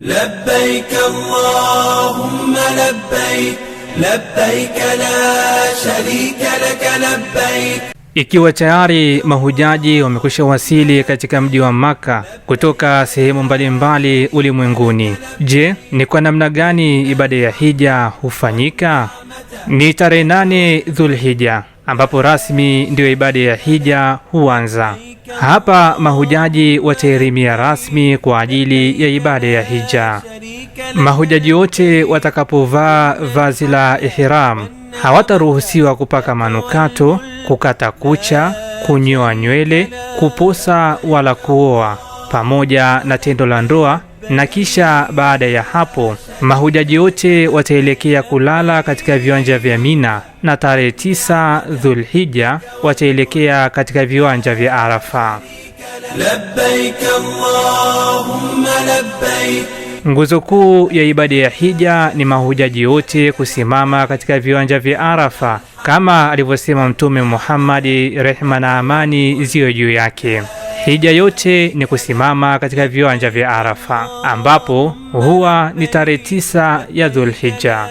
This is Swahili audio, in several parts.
لبيك اللهم لبيك لبيك لا شريك لك لبيك Ikiwa tayari mahujaji wamekwisha wasili katika mji wa maka kutoka sehemu mbalimbali ulimwenguni, je, ni kwa namna gani ibada ya hija hufanyika? Ni tarehe nane Dhulhija ambapo rasmi ndiyo ibada ya hija huanza. Hapa mahujaji wataelimia rasmi kwa ajili ya ibada ya hija. Mahujaji wote watakapovaa vazi la ihram hawataruhusiwa kupaka manukato, kukata kucha, kunyoa nywele, kuposa wala kuoa, pamoja na tendo la ndoa na kisha baada ya hapo mahujaji wote wataelekea kulala katika viwanja vya Mina na tarehe tisa Dhulhija wataelekea katika viwanja vya Arafa. Nguzo kuu ya ibada ya hija ni mahujaji wote kusimama katika viwanja vya Arafa kama alivyosema Mtume Muhammadi, rehma na amani ziwe juu yake. Hija yote ni kusimama katika viwanja vya Arafa ambapo huwa ni tarehe tisa ya Dhulhija.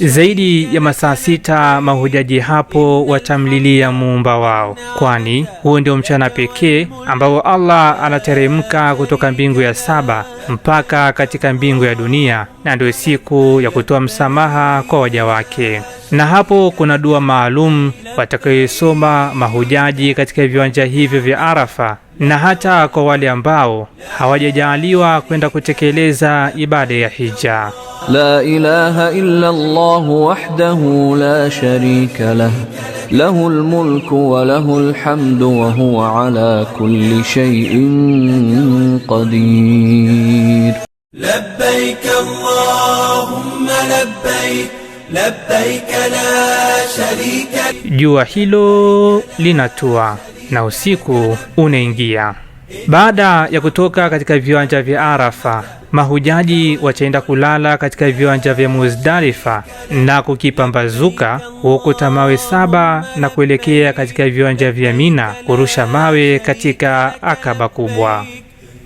Zaidi ya masaa sita mahujaji hapo watamlilia muumba wao, kwani huo ndio mchana pekee ambao Allah anateremka kutoka mbingu ya saba mpaka katika mbingu ya dunia, na ndio siku ya kutoa msamaha kwa waja wake. Na hapo kuna dua maalum watakayoisoma mahujaji katika viwanja hivyo vya Arafa na hata kwa wale ambao hawajajaaliwa kwenda kutekeleza ibada ya hija. La ilaha illa Allah wahdahu la sharika lah lahu lmulku wa lahu lhamdu wa huwa ala kulli shay'in qadir. Labbaik Allahumma labbaik Labbaika Jua hilo linatua na usiku unaingia. Baada ya kutoka katika viwanja vya Arafa, mahujaji wataenda kulala katika viwanja vya Muzdalifa na kukipambazuka huokota mawe saba na kuelekea katika viwanja vya Mina kurusha mawe katika Akaba kubwa.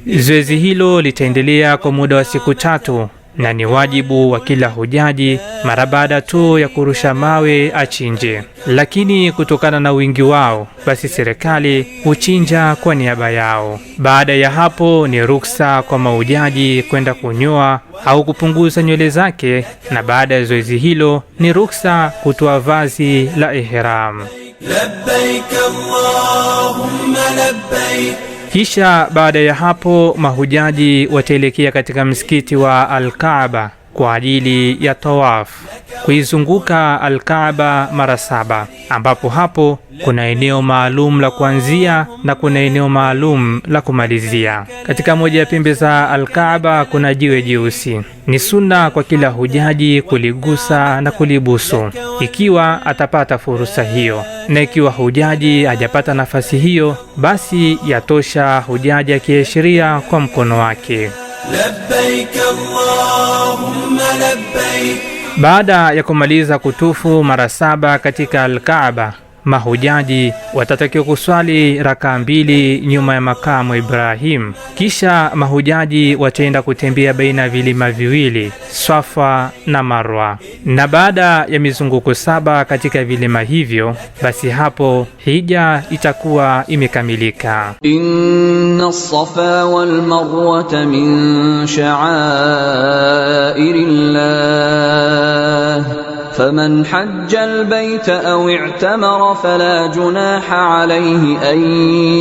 Zoezi hilo litaendelea kwa muda wa siku tatu na ni wajibu wa kila hujaji mara baada tu ya kurusha mawe achinje, lakini kutokana na wingi wao, basi serikali huchinja kwa niaba yao. Baada ya hapo, ni ruksa kwa maujaji kwenda kunyoa au kupunguza nywele zake, na baada ya zoezi hilo, ni ruksa kutoa vazi la ihram. Labbaik Allahumma labbaik kisha baada ya hapo mahujaji wataelekea katika msikiti wa Al-Kaaba kwa ajili ya tawafu kuizunguka Alkaaba mara saba, ambapo hapo kuna eneo maalum la kuanzia na kuna eneo maalum la kumalizia. Katika moja ya pembe za Alkaaba kuna jiwe jeusi. Ni sunna kwa kila hujaji kuligusa na kulibusu ikiwa atapata fursa hiyo, na ikiwa hujaji hajapata nafasi hiyo, basi yatosha hujaji akiashiria kwa mkono wake labbaik Allahumma labbaik. Baada ya kumaliza kutufu mara saba katika Alkaaba Mahujaji watatakiwa kuswali rakaa mbili nyuma ya makamu Ibrahim, kisha mahujaji wataenda kutembea baina ya vilima viwili Swafa na Marwa, na baada ya mizunguko saba katika vilima hivyo, basi hapo hija itakuwa imekamilika. Inna safa wal marwa min sha'airillah فمن حج البيت أو اعتمر فلا جناح عليه أن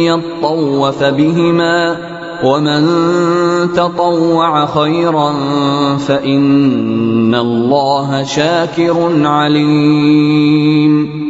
يطوف بهما ومن تطوع خيرا فإن الله شاكر عليم